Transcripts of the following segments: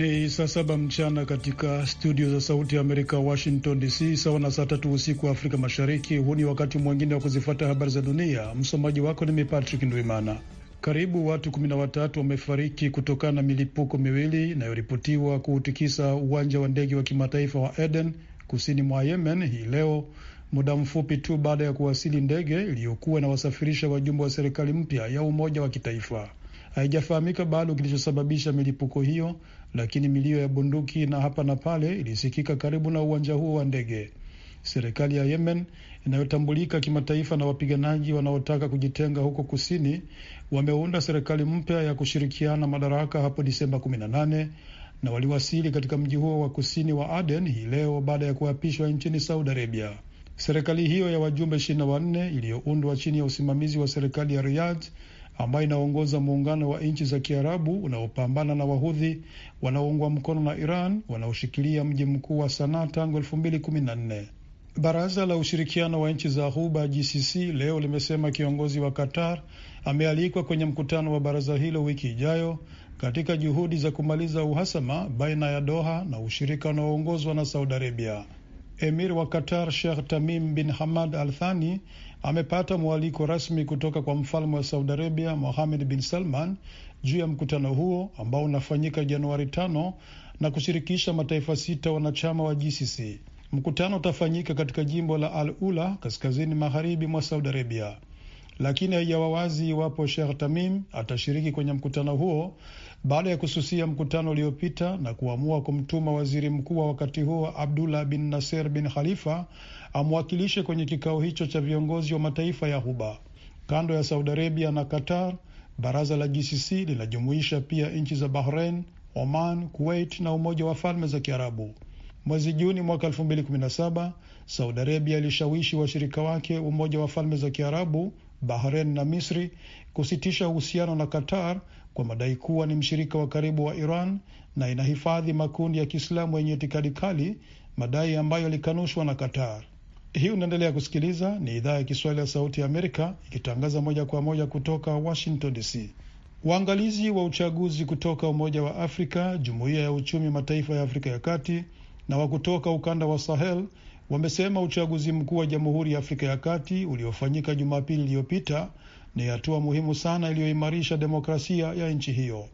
Ni saa saba mchana katika studio za Sauti ya Amerika, Washington DC, sawa na saa tatu usiku wa Afrika Mashariki. Huu ni wakati mwingine wa kuzifata habari za dunia. Msomaji wako ni mimi Patrick Ndwimana. Karibu watu kumi na watatu wamefariki kutokana na milipuko miwili inayoripotiwa kuutikisa uwanja wa ndege wa kimataifa wa Eden kusini mwa Yemen hii leo, muda mfupi tu baada ya kuwasili ndege iliyokuwa inawasafirisha wajumbe wa serikali mpya ya umoja wa kitaifa. Haijafahamika bado kilichosababisha milipuko hiyo lakini milio ya bunduki na hapa na pale ilisikika karibu na uwanja huo wa ndege. Serikali ya Yemen inayotambulika kimataifa na wapiganaji wanaotaka kujitenga huko kusini wameunda serikali mpya ya kushirikiana madaraka hapo Disemba 18 na waliwasili katika mji huo wa kusini wa Aden hii leo baada ya kuapishwa nchini Saudi Arabia. Serikali hiyo ya wajumbe 24 wanne iliyoundwa chini ya usimamizi wa serikali ya Riyadh ambayo inaongoza muungano wa nchi za Kiarabu unaopambana na wahudhi wanaoungwa mkono na Iran wanaoshikilia mji mkuu wa Sanaa tangu elfu mbili kumi na nne. Baraza la ushirikiano wa nchi za Ghuba GCC leo limesema kiongozi wa Qatar amealikwa kwenye mkutano wa baraza hilo wiki ijayo katika juhudi za kumaliza uhasama baina ya Doha na ushirika unaoongozwa na Saudi Arabia. Emir wa Qatar Sheikh Tamim bin Hamad Al Thani amepata mwaliko rasmi kutoka kwa mfalme wa Saudi Arabia Mohamed bin Salman juu ya mkutano huo ambao unafanyika Januari tano na kushirikisha mataifa sita wanachama wa GCC. Mkutano utafanyika katika jimbo la Al Ula kaskazini magharibi mwa Saudi Arabia, lakini haijawa wazi iwapo Sheikh Tamim atashiriki kwenye mkutano huo baada ya kususia mkutano uliopita na kuamua kumtuma waziri mkuu wa wakati huo Abdullah bin Nasser bin Khalifa amwakilishe kwenye kikao hicho cha viongozi wa mataifa ya Ghuba. Kando ya Saudi Arabia na Qatar, baraza la GCC linajumuisha pia nchi za Bahrain, Oman, Kuwait na Umoja wa Falme za Kiarabu. Mwezi Juni mwaka 2017 Saudi Arabia ilishawishi washirika wake Umoja wa Falme za Kiarabu, Bahrain na Misri kusitisha uhusiano na Qatar kwa madai kuwa ni mshirika wa karibu wa Iran na inahifadhi makundi ya Kiislamu yenye itikadi kali, madai ambayo yalikanushwa na Qatar. Hii unaendelea kusikiliza, ni idhaa ya Kiswahili ya Sauti ya Amerika ikitangaza moja kwa moja kutoka Washington DC. Waangalizi wa uchaguzi kutoka Umoja wa Afrika, Jumuiya ya Uchumi Mataifa ya Afrika ya Kati na wa kutoka ukanda wa Sahel wamesema uchaguzi mkuu wa Jamhuri ya Afrika ya Kati uliofanyika Jumapili iliyopita ni hatua muhimu sana iliyoimarisha demokrasia ya nchi hiyo.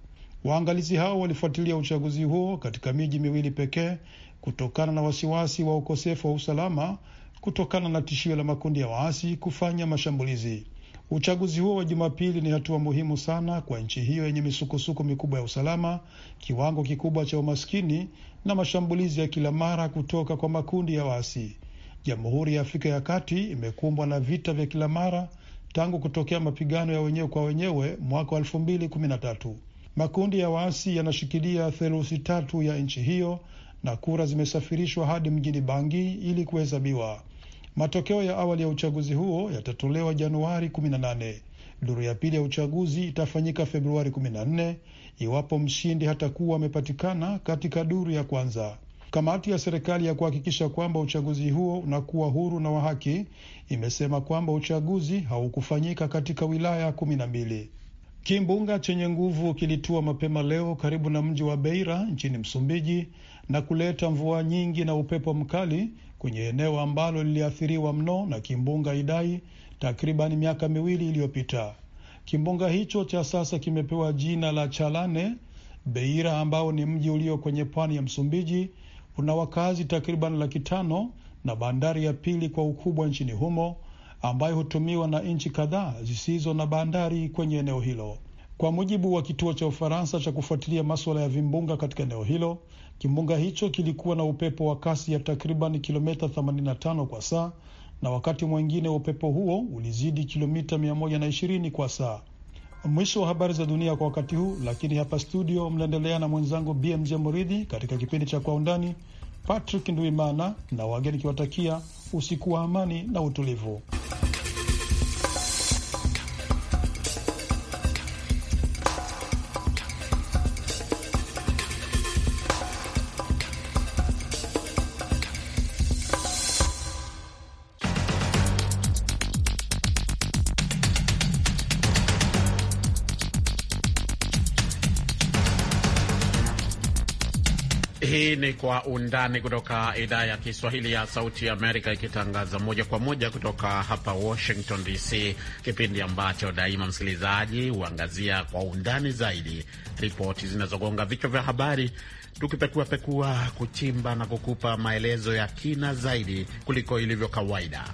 Waangalizi hao walifuatilia uchaguzi huo katika miji miwili pekee kutokana na wasiwasi wa ukosefu wa usalama kutokana na tishio la makundi ya waasi kufanya mashambulizi. Uchaguzi huo wa Jumapili ni hatua muhimu sana kwa nchi hiyo yenye misukosuko mikubwa ya usalama, kiwango kikubwa cha umaskini na mashambulizi ya kila mara kutoka kwa makundi ya waasi. Jamhuri ya Afrika ya Kati imekumbwa na vita vya kila mara tangu kutokea mapigano ya wenyewe kwa wenyewe mwaka wa elfu mbili kumi na tatu. Makundi ya waasi yanashikilia theluthi tatu ya nchi hiyo na kura zimesafirishwa hadi mjini Bangi ili kuhesabiwa. Matokeo ya awali ya uchaguzi huo yatatolewa Januari 18. Duru ya pili ya uchaguzi itafanyika Februari 14 iwapo mshindi hatakuwa amepatikana katika duru ya kwanza. Kamati ya serikali ya kuhakikisha kwamba uchaguzi huo unakuwa huru na wa haki imesema kwamba uchaguzi haukufanyika katika wilaya kumi na mbili. Kimbunga chenye nguvu kilitua mapema leo karibu na mji wa Beira nchini Msumbiji na kuleta mvua nyingi na upepo mkali kwenye eneo ambalo liliathiriwa mno na kimbunga Idai takriban miaka miwili iliyopita. Kimbunga hicho cha sasa kimepewa jina la Chalane. Beira ambao ni mji ulio kwenye pwani ya Msumbiji una wakazi takriban laki tano na bandari ya pili kwa ukubwa nchini humo ambayo hutumiwa na nchi kadhaa zisizo na bandari kwenye eneo hilo. Kwa mujibu wa kituo cha Ufaransa cha kufuatilia maswala ya vimbunga katika eneo hilo, kimbunga hicho kilikuwa na upepo wa kasi ya takriban kilomita 85 kwa saa na wakati mwingine upepo huo ulizidi kilomita 120 kwa saa. Mwisho wa habari za dunia kwa wakati huu, lakini hapa studio mnaendelea na mwenzangu BMJ Muridhi katika kipindi cha Kwa Undani. Patrick Ndwimana na wageni kiwatakia usiku wa amani na utulivu. Kwa Undani kutoka idhaa ya Kiswahili ya Sauti ya Amerika, ikitangaza moja kwa moja kutoka hapa Washington DC, kipindi ambacho daima msikilizaji huangazia kwa undani zaidi ripoti zinazogonga vichwa vya habari, tukipekuapekua, kuchimba na kukupa maelezo ya kina zaidi kuliko ilivyo kawaida.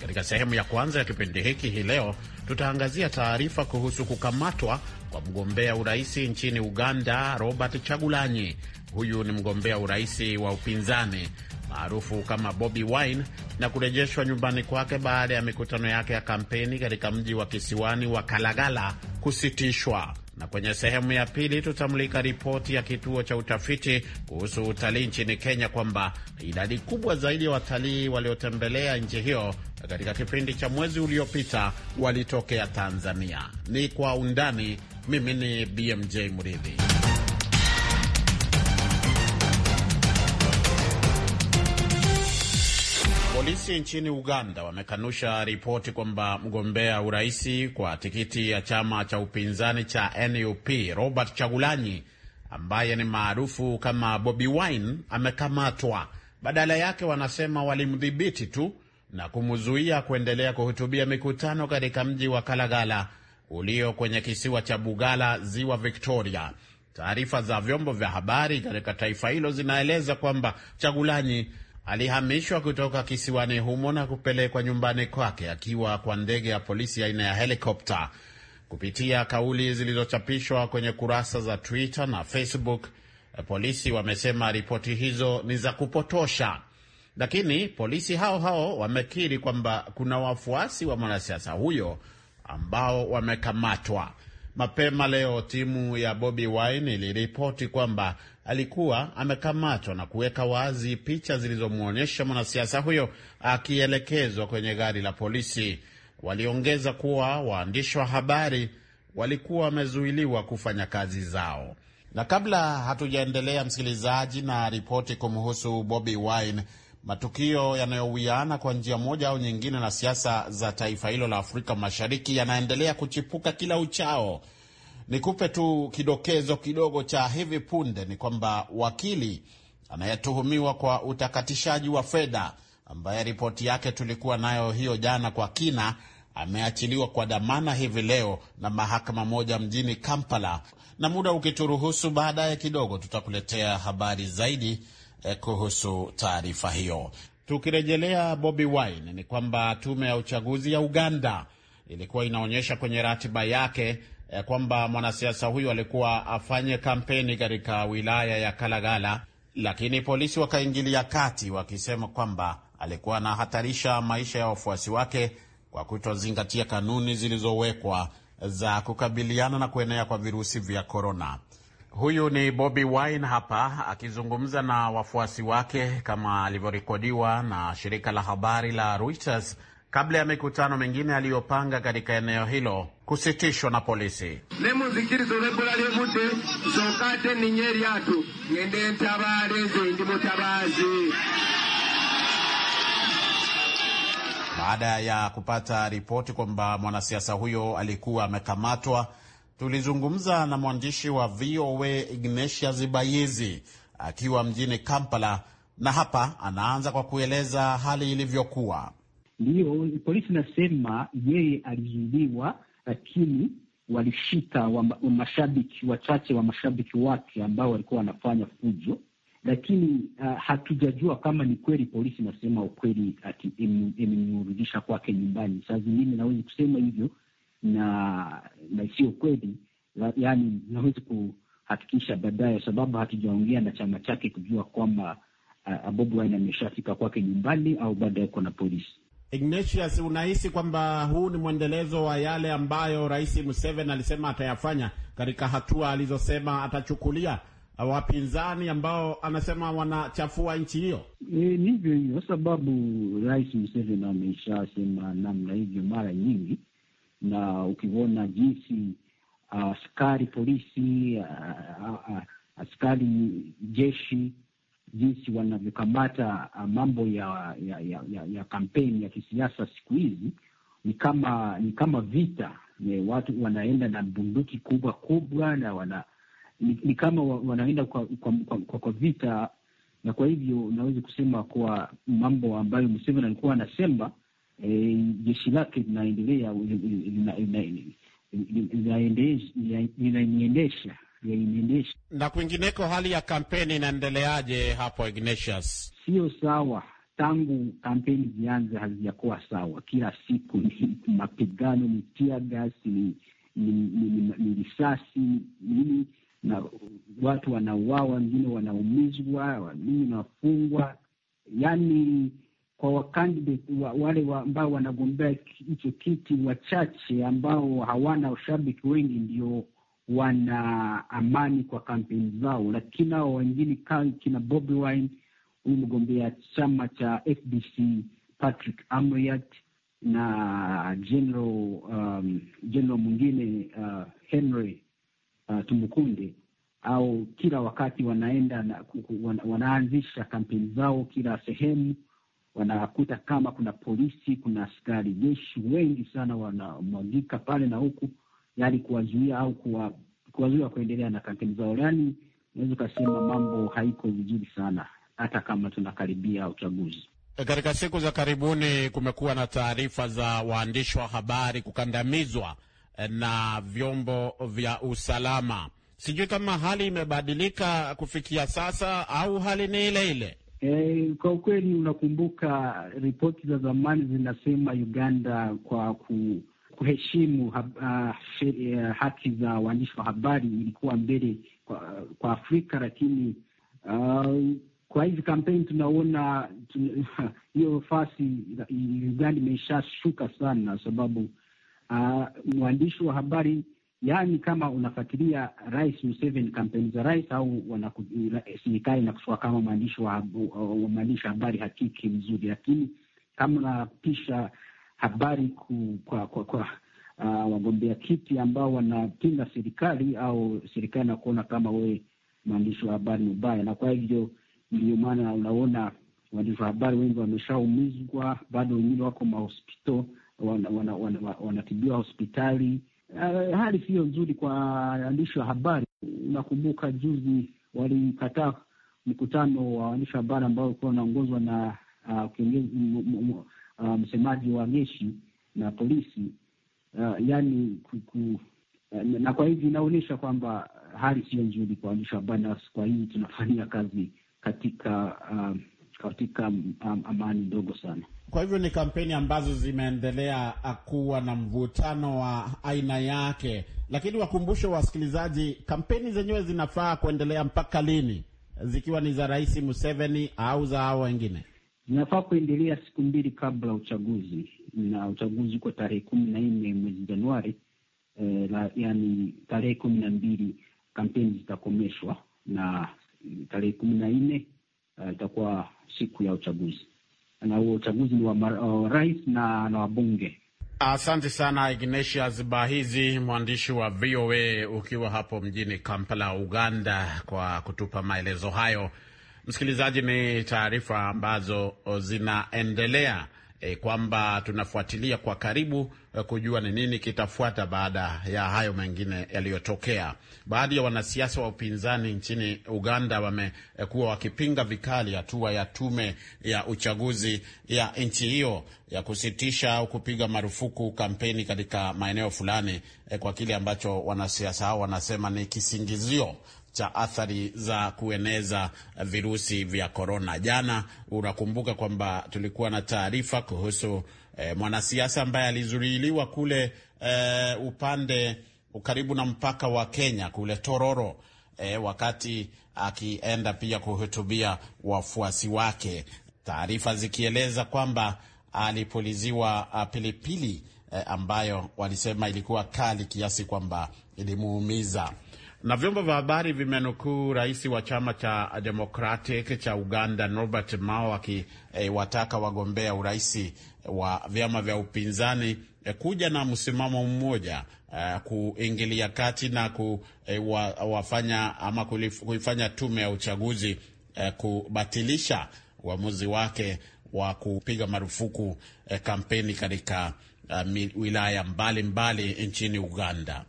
Katika sehemu ya kwanza ya kipindi hiki hii leo tutaangazia taarifa kuhusu kukamatwa kwa mgombea uraisi nchini Uganda, Robert Chagulanyi. Huyu ni mgombea uraisi wa upinzani maarufu kama Bobi Wine na kurejeshwa nyumbani kwake baada ya mikutano yake ya kampeni katika mji wa kisiwani wa Kalagala kusitishwa na kwenye sehemu ya pili tutamulika ripoti ya kituo cha utafiti kuhusu utalii nchini Kenya kwamba idadi kubwa zaidi ya watalii waliotembelea nchi hiyo katika kipindi cha mwezi uliopita walitokea Tanzania. Ni kwa undani. Mimi ni BMJ Muridhi. Polisi nchini Uganda wamekanusha ripoti kwamba mgombea uraisi kwa tikiti ya chama cha upinzani cha NUP Robert Chagulanyi ambaye ni maarufu kama Bobi Wine amekamatwa. Badala yake wanasema walimdhibiti tu na kumzuia kuendelea kuhutubia mikutano katika mji wa Kalagala ulio kwenye kisiwa cha Bugala, ziwa Victoria. Taarifa za vyombo vya habari katika taifa hilo zinaeleza kwamba Chagulanyi alihamishwa kutoka kisiwani humo na kupelekwa nyumbani kwake akiwa kwa ndege ya polisi aina ya, helikopta. Kupitia kauli zilizochapishwa kwenye kurasa za Twitter na Facebook, polisi wamesema ripoti hizo ni za kupotosha, lakini polisi hao hao wamekiri kwamba kuna wafuasi wa mwanasiasa huyo ambao wamekamatwa. Mapema leo timu ya Bobi Wine iliripoti kwamba alikuwa amekamatwa na kuweka wazi picha zilizomwonyesha mwanasiasa huyo akielekezwa kwenye gari la polisi. Waliongeza kuwa waandishi wa habari walikuwa wamezuiliwa kufanya kazi zao. Na kabla hatujaendelea, msikilizaji, na ripoti kumhusu Bobi Wine, Matukio yanayowiana kwa njia moja au nyingine na siasa za taifa hilo la Afrika Mashariki yanaendelea kuchipuka kila uchao. Nikupe tu kidokezo kidogo cha hivi punde ni kwamba wakili anayetuhumiwa kwa utakatishaji wa fedha ambaye ripoti yake tulikuwa nayo hiyo jana kwa kina ameachiliwa kwa dhamana hivi leo na mahakama moja mjini Kampala. Na muda ukituruhusu, baadaye kidogo tutakuletea habari zaidi eh, kuhusu taarifa hiyo. Tukirejelea Bobi Wine, ni kwamba tume ya uchaguzi ya Uganda ilikuwa inaonyesha kwenye ratiba yake eh, kwamba mwanasiasa huyu alikuwa afanye kampeni katika wilaya ya Kalagala, lakini polisi wakaingilia kati wakisema kwamba alikuwa anahatarisha maisha ya wafuasi wake kwa kutozingatia kanuni zilizowekwa za kukabiliana na kuenea kwa virusi vya korona. Huyu ni Bobi Wine hapa akizungumza na wafuasi wake kama alivyorekodiwa na shirika la habari la Reuters kabla ya mikutano mingine aliyopanga katika eneo hilo kusitishwa na polisi. Baada ya kupata ripoti kwamba mwanasiasa huyo alikuwa amekamatwa Tulizungumza na mwandishi wa VOA Ignatius zibayizi akiwa mjini Kampala, na hapa anaanza kwa kueleza hali ilivyokuwa. Ndiyo, polisi inasema yeye alizuiliwa, lakini walishika wa mashabiki wachache wa mashabiki wake ambao walikuwa wanafanya fujo, lakini uh, hatujajua kama ni kweli. Polisi inasema ukweli ati imemrudisha kwake nyumbani. Saa zingine naweza kusema hivyo na na sio kweli, yaani nawezi kuhakikisha baadaye, sababu hatujaongea na chama chake kujua kwamba uh, Bobi Wine ameshafika kwake nyumbani au baadaye yuko na polisi. Ignatius, unahisi kwamba huu ni mwendelezo wa yale ambayo Rais Museveni alisema atayafanya katika hatua alizosema atachukulia wapinzani ambao anasema wanachafua nchi hiyo? E, ni hivyo hivyo, sababu Rais Museveni ameshasema namna hivyo mara nyingi na ukiona jinsi ah, askari polisi, ah, ah, askari jeshi jinsi wanavyokamata mambo ya ya, ya, ya, ya kampeni ya kisiasa siku hizi ni kama ni kama vita. Ni eh, watu wanaenda na bunduki kubwa kubwa na wana ni, ni kama wanaenda kwa, kwa, kwa, kwa, kwa vita, na kwa hivyo naweza kusema kuwa mambo ambayo Museveni alikuwa anasema Eh, jeshi lake linaendelea linaiendesha linaendesha. Na kwingineko hali ya kampeni inaendeleaje hapo Ignatius? Sio sawa tangu kampeni zianze hazijakuwa sawa. Kila siku ni mapigano, ni tiagas, ni ni risasi nini, na watu wanauawa, wengine wanaumizwa, wengine wanafungwa, yani kwa wakandidate wa, wale wa, ambao wanagombea hicho kiti wachache ambao hawana washabiki wengi ndio wana amani kwa kampeni zao, lakini hao wengine kina Bobi Wine, huyu mgombea chama cha FDC, Patrick Amriat na general um, general mwingine uh, Henry uh, Tumukunde au kila wakati wanaenda na, wana, wanaanzisha kampeni zao kila sehemu wanakuta kama kuna polisi, kuna askari jeshi wengi sana wanamwagika pale na huku, yaani kuwazuia au kuwa, kuwazuia kuendelea na kampeni zao. Yaani naweza ukasema mambo haiko vizuri sana, hata kama tunakaribia uchaguzi. Katika siku za karibuni kumekuwa na taarifa za waandishi wa habari kukandamizwa eh, na vyombo vya usalama. Sijui kama hali imebadilika kufikia sasa au hali ni ile ile. E, kwa ukweli unakumbuka ripoti za zamani zinasema Uganda kwa ku, kuheshimu ha, uh, ah, eh, haki za waandishi wa habari ilikuwa mbele kwa, kwa Afrika, lakini uh, kwa hizi kampeni tunaona hiyo fasi Uganda imeshashuka sana, sababu ah, mwandishi wa habari yaani kama unafuatilia Rais Museveni, kampeni za rais au serikali inakuchukua kama mwandishi wa habari hakiki mzuri, lakini kama unapisha habari ku, kwa kwa, kwa uh, wagombea kiti ambao wanapinga serikali au serikali na kuona kama wewe mwandishi wa habari mubaya, na kwa hivyo ndio maana unaona waandishi wa habari wengi wameshaumizwa, bado wengine wako mahospito wanatibiwa wana, wana, wana hospitali uh, hali siyo nzuri kwa waandishi wa habari. Unakumbuka juzi walimkataa mkutano wa waandishi wa habari ambao ulikuwa unaongozwa na uh, msemaji wa jeshi na polisi uh, yani kuku, uh, eh, na kwa hivi inaonyesha kwamba hali siyo nzuri kwa waandishi wa habari, na kwa hivi tunafanyia kazi katika uh, katika um, amani ndogo sana. Kwa hivyo ni kampeni ambazo zimeendelea uh, kuwa na mvutano wa aina yake, lakini wakumbushe wasikilizaji, kampeni zenyewe zinafaa kuendelea mpaka lini, zikiwa ni za Rais Museveni au za hao wengine? Zinafaa kuendelea siku mbili kabla uchaguzi, na uchaguzi uko tarehe kumi na nne mwezi Januari. E, eh, la, yani tarehe kumi na mbili kampeni zitakomeshwa na tarehe kumi na nne eh, itakuwa siku ya uchaguzi, na huo uchaguzi ni wa rais na, na wabunge. Asante sana Ignatius Bahizi, mwandishi wa VOA ukiwa hapo mjini Kampala, Uganda, kwa kutupa maelezo hayo. Msikilizaji, ni taarifa ambazo zinaendelea e, kwamba tunafuatilia kwa karibu e, kujua ni nini kitafuata baada ya hayo mengine yaliyotokea. Baadhi ya wanasiasa wa upinzani nchini Uganda wamekuwa e, wakipinga vikali hatua ya tume ya uchaguzi ya nchi hiyo ya kusitisha au kupiga marufuku kampeni katika maeneo fulani e, kwa kile ambacho wanasiasa hao wanasema ni kisingizio cha athari za kueneza virusi vya korona. Jana unakumbuka kwamba tulikuwa na taarifa kuhusu eh, mwanasiasa ambaye alizuiliwa kule eh, upande karibu na mpaka wa Kenya kule Tororo eh, wakati akienda pia kuhutubia wafuasi wake, taarifa zikieleza kwamba alipuliziwa ah, pilipili eh, ambayo walisema ilikuwa kali kiasi kwamba ilimuumiza. Na vyombo vya habari vimenukuu rais wa chama cha Democratic cha Uganda Norbert Mao akiwataka e, wagombea uraisi wa vyama vya upinzani e, kuja na msimamo mmoja e, kuingilia kati na ku, e, wa, wafanya ama kuifanya tume ya uchaguzi e, kubatilisha uamuzi wake wa kupiga marufuku e, kampeni katika e, wilaya mbalimbali mbali nchini Uganda.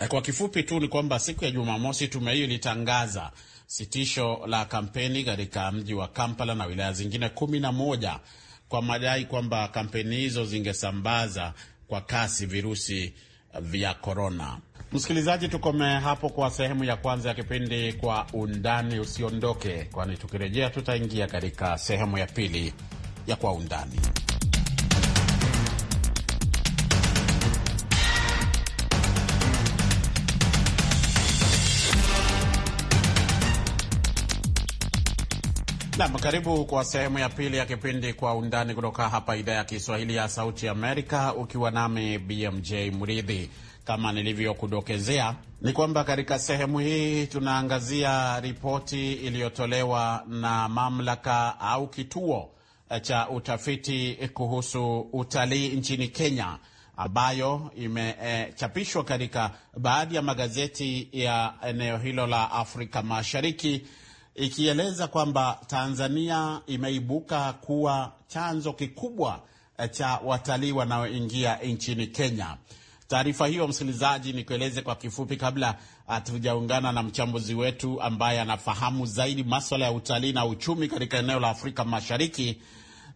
Eh, kwa kifupi tu ni kwamba siku ya Jumamosi tume hiyo ilitangaza sitisho la kampeni katika mji wa Kampala na wilaya zingine kumi na moja kwa madai kwamba kampeni hizo zingesambaza kwa kasi virusi vya korona. Msikilizaji, tukome hapo kwa sehemu ya kwanza ya kipindi Kwa Undani. Usiondoke, kwani tukirejea tutaingia katika sehemu ya pili ya Kwa Undani. Nam, karibu kwa sehemu ya pili ya kipindi Kwa Undani kutoka hapa idhaa ya Kiswahili ya Sauti Amerika, ukiwa nami BMJ Mridhi. Kama nilivyokudokezea ni kwamba katika sehemu hii tunaangazia ripoti iliyotolewa na mamlaka au kituo eh, cha utafiti kuhusu utalii nchini Kenya ambayo imechapishwa eh, e, katika baadhi ya magazeti ya eneo hilo la Afrika Mashariki ikieleza kwamba Tanzania imeibuka kuwa chanzo kikubwa eh, cha watalii wanaoingia nchini Kenya. Taarifa hiyo msikilizaji, nikueleze kwa kifupi kabla ah, hatujaungana na mchambuzi wetu ambaye anafahamu zaidi maswala ya utalii na uchumi katika eneo la Afrika Mashariki.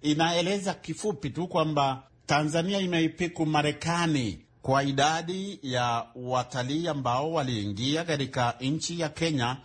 Inaeleza kifupi tu kwamba Tanzania imeipiku Marekani kwa idadi ya watalii ambao waliingia katika nchi ya Kenya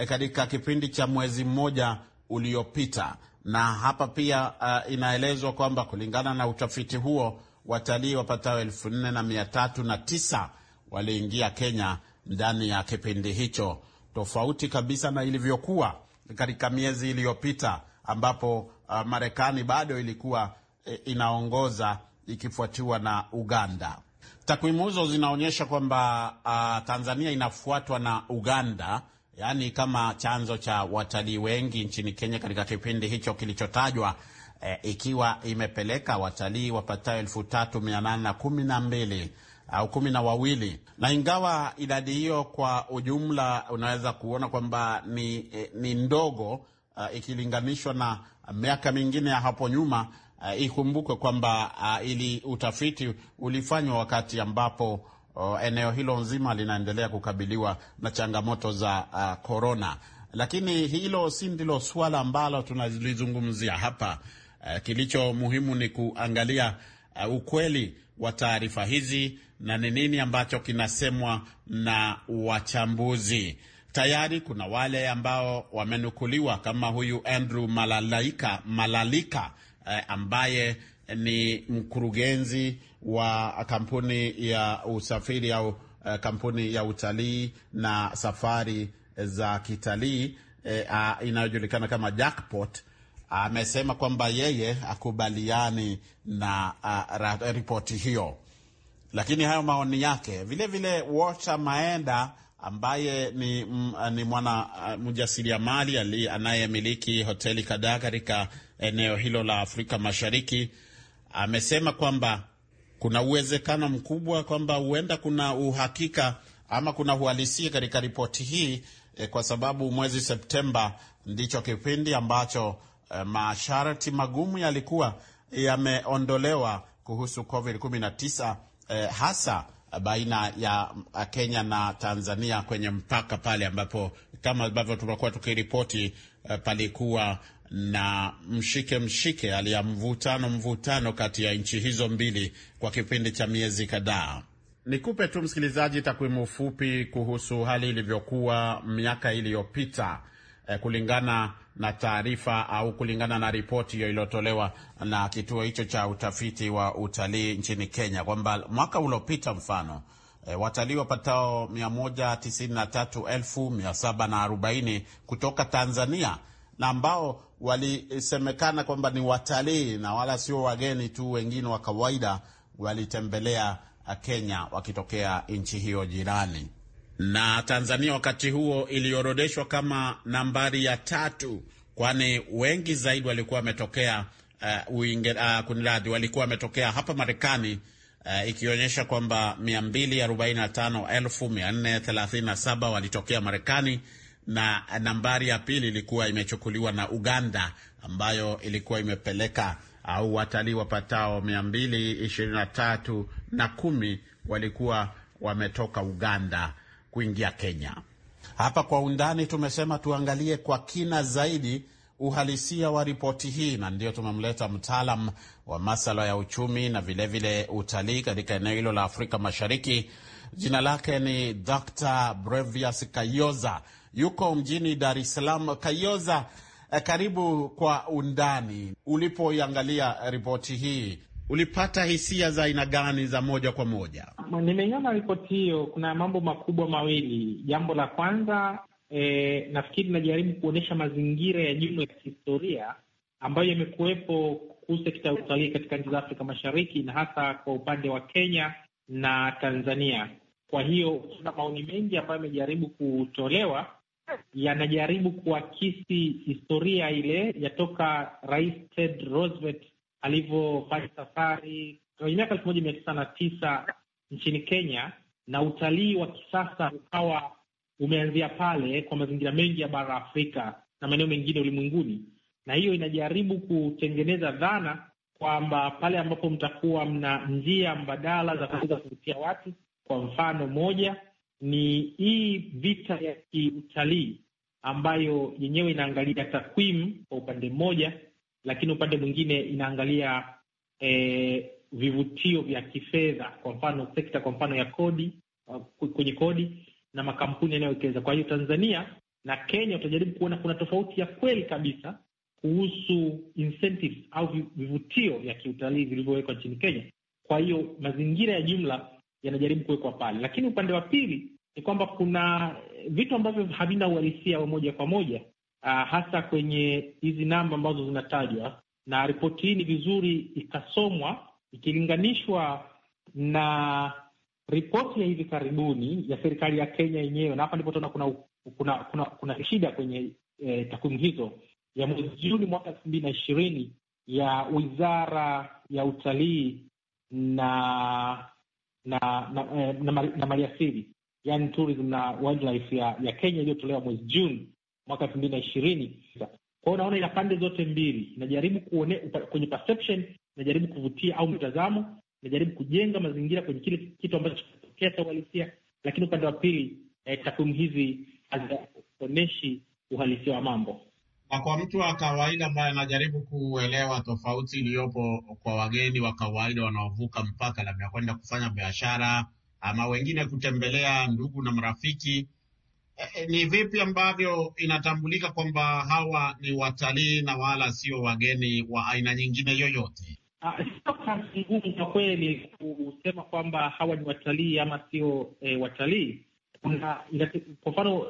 Eh, katika kipindi cha mwezi mmoja uliopita. Na hapa pia uh, inaelezwa kwamba kulingana na utafiti huo watalii wapatao elfu nne na mia tatu na tisa waliingia Kenya ndani ya kipindi hicho, tofauti kabisa na ilivyokuwa katika miezi iliyopita ambapo uh, Marekani bado ilikuwa eh, inaongoza ikifuatiwa na Uganda. Takwimu hizo zinaonyesha kwamba uh, Tanzania inafuatwa na Uganda yaani kama chanzo cha watalii wengi nchini Kenya katika kipindi hicho kilichotajwa, e, ikiwa imepeleka watalii wapatao elfu tatu mia nane na kumi na mbili au kumi na wawili na ingawa idadi hiyo kwa ujumla unaweza kuona kwamba ni, eh, ni ndogo e, ikilinganishwa na miaka mingine ya hapo nyuma e, ikumbukwe kwamba e, ili utafiti ulifanywa wakati ambapo o, eneo hilo nzima linaendelea kukabiliwa na changamoto za korona. Uh, lakini hilo si ndilo suala ambalo tunalizungumzia hapa. Uh, kilicho muhimu ni kuangalia uh, ukweli wa taarifa hizi na ni nini ambacho kinasemwa na wachambuzi. Tayari kuna wale ambao wamenukuliwa kama huyu Andrew Malalaika, Malalika eh, ambaye ni mkurugenzi wa kampuni ya usafiri au uh, kampuni ya utalii na safari za kitalii e, inayojulikana kama Jackpot amesema kwamba yeye akubaliani na uh, ripoti hiyo, lakini hayo maoni yake. Vilevile Walter Maeda ambaye ni, m, mm, ni mwana ah, mjasiriamali anayemiliki hoteli kadhaa katika eneo hilo la Afrika Mashariki amesema kwamba kuna uwezekano mkubwa kwamba huenda kuna uhakika ama kuna uhalisia katika ripoti hii e, kwa sababu mwezi Septemba ndicho kipindi ambacho e, masharti magumu yalikuwa yameondolewa kuhusu COVID-19 e, hasa baina ya Kenya na Tanzania kwenye mpaka pale ambapo kama ambavyo tumekuwa tukiripoti, palikuwa na mshike mshike, aliya mvutano mvutano kati ya nchi hizo mbili kwa kipindi cha miezi kadhaa. Nikupe tu msikilizaji takwimu fupi kuhusu hali ilivyokuwa miaka iliyopita eh, kulingana na taarifa au kulingana na ripoti hiyo iliyotolewa na kituo hicho cha utafiti wa utalii nchini Kenya kwamba mwaka uliopita mfano E, watalii wapatao 193,740 kutoka Tanzania na ambao walisemekana kwamba ni watalii na wala sio wageni tu, wengine wa kawaida walitembelea uh, Kenya wakitokea nchi hiyo jirani. Na Tanzania wakati huo iliorodeshwa kama nambari ya tatu, kwani wengi zaidi walikuwa wametokea uh, uh, kuniradhi, walikuwa wametokea hapa Marekani uh, ikionyesha kwamba 245,437 walitokea Marekani na nambari ya pili ilikuwa imechukuliwa na Uganda ambayo ilikuwa imepeleka au uh, watalii wapatao mia mbili ishirini na tatu na kumi walikuwa wametoka Uganda kuingia Kenya. Hapa kwa undani tumesema tuangalie kwa kina zaidi uhalisia wa ripoti hii, na ndio tumemleta mtaalam wa masala ya uchumi na vilevile utalii katika eneo hilo la Afrika Mashariki. Jina lake ni Dr. Brevias Kayoza yuko mjini Dar es Salaam. Kayoza, eh, karibu kwa undani. Ulipoiangalia eh, ripoti hii ulipata hisia za aina gani za moja kwa moja? Nimeiona ripoti hiyo, kuna mambo makubwa mawili. Jambo la kwanza e, nafikiri najaribu kuonyesha mazingira ya jumla ya kihistoria ambayo yamekuwepo kuhusu sekta ya utalii katika nchi za Afrika Mashariki na hasa kwa upande wa Kenya na Tanzania. Kwa hiyo kuna maoni mengi ambayo yamejaribu kutolewa yanajaribu kuakisi historia ile yatoka Rais Ted Roosevelt alivyofanya safari kwenye miaka elfu moja mia tisa na tisa nchini Kenya, na utalii wa kisasa ukawa umeanzia pale kwa mazingira mengi ya bara Afrika na maeneo mengine ulimwenguni, na hiyo inajaribu kutengeneza dhana kwamba pale ambapo mtakuwa mna njia mbadala za kuweza kuvutia watu, kwa mfano moja ni hii vita ya kiutalii ambayo yenyewe inaangalia takwimu kwa upande mmoja, lakini upande mwingine inaangalia e, vivutio vya kifedha, kwa mfano sekta kwa mfano ya kodi, uh, kwenye kodi na makampuni yanayowekeza. Kwa hiyo Tanzania na Kenya utajaribu kuona kuna tofauti ya kweli kabisa kuhusu incentives au vivutio vya kiutalii vilivyowekwa nchini Kenya. Kwa hiyo mazingira ya jumla yanajaribu kuwekwa pale, lakini upande wa pili ni kwamba kuna eh, vitu ambavyo havina uhalisia wa moja kwa moja, uh, hasa kwenye hizi namba ambazo zinatajwa, na ripoti hii ni vizuri ikasomwa ikilinganishwa na ripoti ya hivi karibuni ya serikali ya Kenya yenyewe, na hapa ndipo tunaona kuna, kuna, kuna, kuna shida kwenye eh, takwimu hizo ya mwezi Juni mwaka elfu mbili na ishirini ya Wizara ya Utalii na na na, eh, na, na, na maliasili yani tourism na wildlife ya, ya Kenya iliyotolewa mwezi Juni mwaka elfu mbili na ishirini. Kwao unaona ina pande zote mbili, inajaribu kuone kwenye perception, inajaribu kuvutia au mtazamo, inajaribu kujenga mazingira kwenye kile kitu ambacho kinatokea cha uhalisia, lakini upande wa pili eh, takwimu hizi hazionyeshi uhalisia wa mambo. Na kwa mtu wa kawaida ambaye anajaribu kuelewa tofauti iliyopo kwa wageni wa kawaida wanaovuka mpaka labda kwenda kufanya biashara ama wengine kutembelea ndugu na marafiki, e, ni vipi ambavyo inatambulika kwamba hawa ni watalii na wala sio wageni wa aina nyingine yoyote? Ah, sio kazi ngumu kwa kweli kusema kwamba hawa ni watalii ama sio e, watalii. Kuna kwa mfano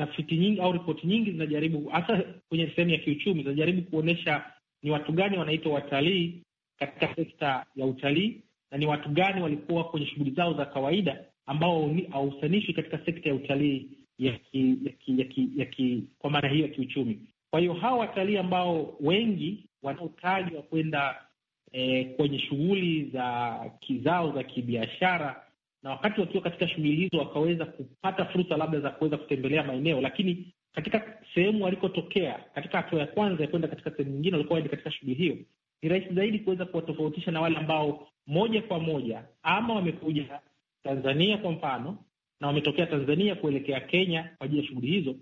tafiti nyingi au ripoti nyingi zinajaribu hasa kwenye sehemu ya kiuchumi, zinajaribu kuonyesha ni watu gani wanaitwa watalii katika sekta ya utalii na ni watu gani walikuwa kwenye shughuli zao za kawaida ambao hausanishwi katika sekta ya utalii ya ki, ya ki, ya ki, ya ki, kwa maana hiyo ya kiuchumi. Kwa hiyo hawa watalii ambao wengi wanaotajwa kwenda eh, kwenye shughuli za kizao za kibiashara na wakati wakiwa katika shughuli hizo wakaweza kupata fursa labda za kuweza kutembelea maeneo, lakini katika sehemu walikotokea katika hatua ya kwanza ya kwenda katika sehemu nyingine walikuwa katika shughuli hiyo, ni rahisi zaidi kuweza kuwatofautisha na wale ambao moja kwa moja ama wamekuja Tanzania kwa mfano na wametokea Tanzania kuelekea Kenya kwa ajili ya shughuli hizo.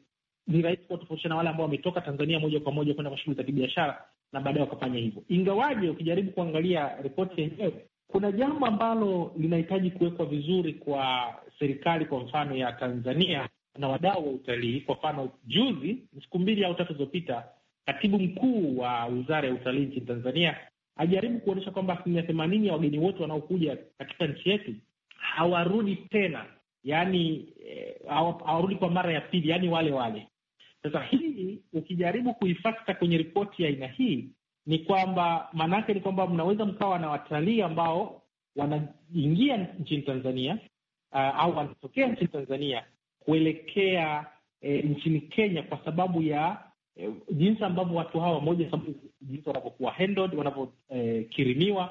Ni rahisi kuwatofautisha na wale ambao wametoka Tanzania moja kwa moja kwenda kwa shughuli za kibiashara na baadaye wakafanya hivyo. Ingawaje ukijaribu kuangalia ripoti yenyewe kuna jambo ambalo linahitaji kuwekwa vizuri kwa serikali, kwa mfano ya Tanzania na wadau wa utalii. Kwa mfano, juzi siku mbili au tatu zilizopita, katibu mkuu wa wizara ya utalii nchini Tanzania ajaribu kuonyesha kwamba asilimia themanini ya wageni wote wanaokuja katika nchi yetu hawarudi tena, yani eh, hawarudi kwa mara ya pili, yaani wale wale. Sasa hii ukijaribu kuifakta kwenye ripoti ya aina hii ni kwamba maanaake ni kwamba mnaweza mkawa na watalii ambao wanaingia nchini Tanzania uh, au wanatokea nchini Tanzania kuelekea eh, nchini Kenya kwa sababu ya eh, jinsi ambavyo watu hawa moja, sababu jinsi wanavyokuwa handled, wanavyokirimiwa eh,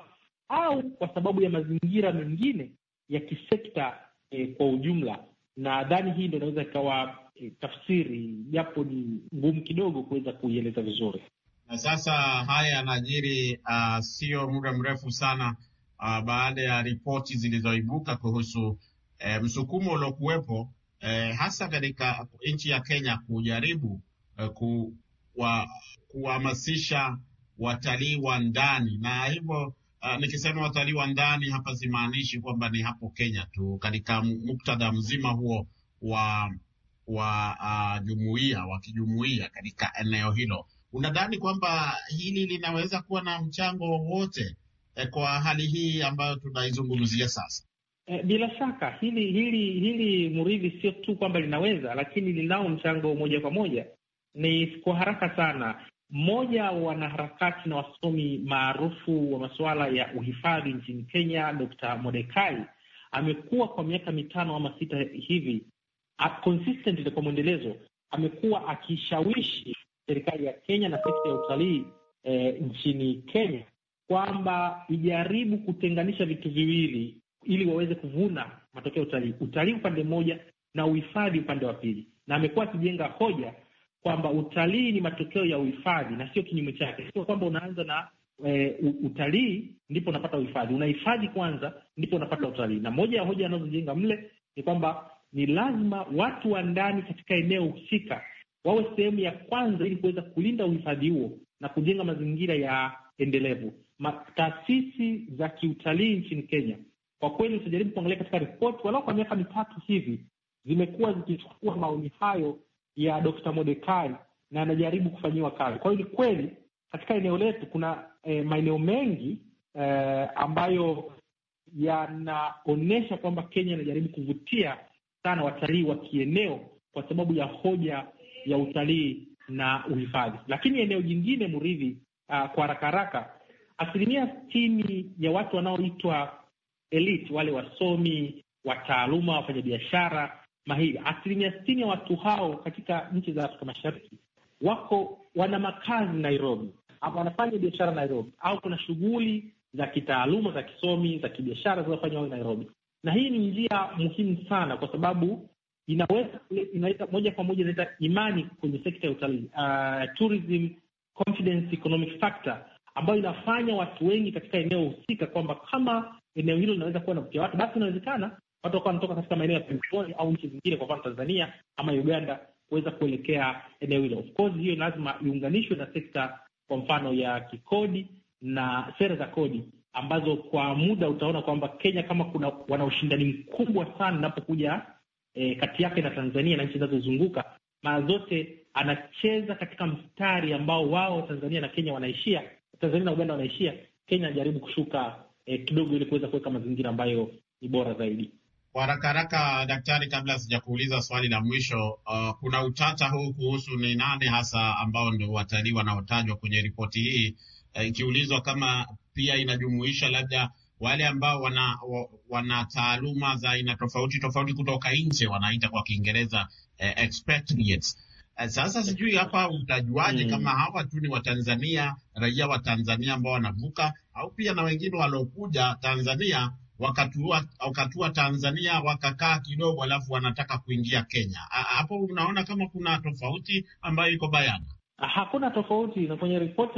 au kwa sababu ya mazingira mengine ya kisekta eh, kwa ujumla. Nadhani hii ndo inaweza ikawa eh, tafsiri, japo ni ngumu kidogo kuweza kuieleza vizuri. Na sasa haya yanajiri uh, sio muda mrefu sana uh, baada ya ripoti zilizoibuka kuhusu eh, msukumo uliokuwepo eh, hasa katika nchi ya Kenya kujaribu eh, kuhamasisha watalii wa ndani na hivyo Uh, nikisema watalii wa ndani hapa simaanishi kwamba ni hapo Kenya tu, katika muktadha mzima huo wa wa uh, jumuiya wa kijumuiya katika eneo hilo Unadhani kwamba hili linaweza kuwa na mchango wowote eh, kwa hali hii ambayo tunaizungumzia sasa? Eh, bila shaka hili hili hili muridhi, sio tu kwamba linaweza, lakini linao mchango moja kwa moja. Ni kwa haraka sana, mmoja wa wanaharakati na wasomi maarufu wa masuala ya uhifadhi nchini Kenya, Dr. Modekai amekuwa kwa miaka mitano ama sita hivi kwa mwendelezo, amekuwa akishawishi serikali ya Kenya na sekta ya utalii e, nchini Kenya kwamba ijaribu kutenganisha vitu viwili ili waweze kuvuna matokeo ya utalii, utalii upande mmoja na uhifadhi upande wa pili, na amekuwa akijenga hoja kwamba utalii ni matokeo ya uhifadhi na sio kinyume chake, sio kwamba unaanza na e, utalii ndipo unapata uhifadhi. Unahifadhi kwanza ndipo unapata utalii. Na moja ya hoja anazojenga mle ni kwamba ni lazima watu wa ndani katika eneo husika wawe sehemu ya kwanza ili kuweza kulinda uhifadhi huo na kujenga mazingira ya endelevu. Taasisi za kiutalii nchini Kenya kwa kweli, utajaribu kuangalia katika ripoti, walau kwa miaka mitatu hivi zimekuwa zikichukua maoni hayo ya Dr. Modekai na anajaribu kufanyiwa kazi. Kwa hiyo ni kweli katika eneo letu kuna eh, maeneo mengi eh, ambayo yanaonyesha kwamba Kenya inajaribu kuvutia sana watalii wa kieneo kwa sababu ya hoja ya utalii na uhifadhi. Lakini eneo jingine mridhi, uh, ah, kwa haraka haraka, asilimia sitini ya watu wanaoitwa elite, wale wasomi, wataaluma, wafanyabiashara mahiri, asilimia sitini ya watu hao katika nchi za Afrika Mashariki wako wana makazi Nairobi, wanafanya biashara Nairobi, au kuna shughuli za kitaaluma za kisomi za kibiashara zinazofanywa Nairobi. Na hii ni njia muhimu sana, kwa sababu inaweza inaleta moja kwa moja inaleta imani kwenye sekta ya utalii, uh, tourism confidence economic factor ambayo inafanya watu wengi katika eneo husika kwamba kama eneo hilo linaweza kuwa navutia watu, basi inawezekana watu wakawa wanatoka katika maeneo ya pembezoni au nchi zingine, kwa mfano Tanzania ama Uganda, kuweza kuelekea eneo hilo. Of course hiyo lazima iunganishwe na sekta kwa mfano ya kikodi na sera za kodi ambazo kwa muda utaona kwamba Kenya kama kuna wana ushindani mkubwa sana inapokuja e, kati yake na Tanzania na nchi zinazozunguka, mara zote anacheza katika mstari ambao wao Tanzania na Kenya wanaishia, Tanzania na Uganda wanaishia, Kenya anajaribu kushuka e, kidogo ili kuweza kuweka mazingira ambayo ni bora zaidi. Kwa haraka haraka, daktari, kabla sijakuuliza swali la mwisho, uh, kuna utata huu kuhusu ni nani hasa ambao ndio watalii wanaotajwa kwenye ripoti hii, uh, ikiulizwa uh, kama pia inajumuisha labda wale ambao wana, wana taaluma za aina tofauti tofauti kutoka nje wanaita kwa Kiingereza eh, expatriates. Eh, sasa sijui hapa utajuaje mm, kama hawa tu ni Watanzania, raia wa Tanzania ambao wanavuka au pia na wengine waliokuja Tanzania wakatua, wakatua Tanzania wakakaa kidogo, alafu wanataka kuingia Kenya. Hapo unaona kama kuna tofauti ambayo iko bayana? Hakuna tofauti, na kwenye ripoti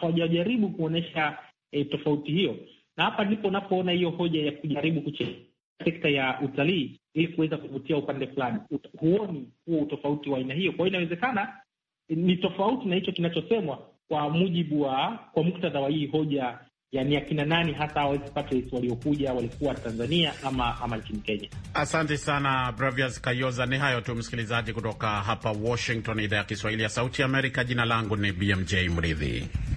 hawajajaribu kuonyesha e, eh, tofauti hiyo na hapa ndipo unapoona hiyo hoja ya kujaribu kucheza sekta ya utalii ili kuweza kuvutia upande fulani. Huoni huo utofauti wa aina hiyo? Kwa hiyo inawezekana eh, ni tofauti na hicho kinachosemwa kwa mujibu wa kwa muktadha wa hii hoja, yani akina nani hasa awazipatres waliokuja walikuwa Tanzania ama ama nchini Kenya. Asante sana Bravias Kayoza. Ni hayo tu msikilizaji, kutoka hapa Washington, idhaa ya Kiswahili ya Sauti ya Amerika. Jina langu ni BMJ Mridhi.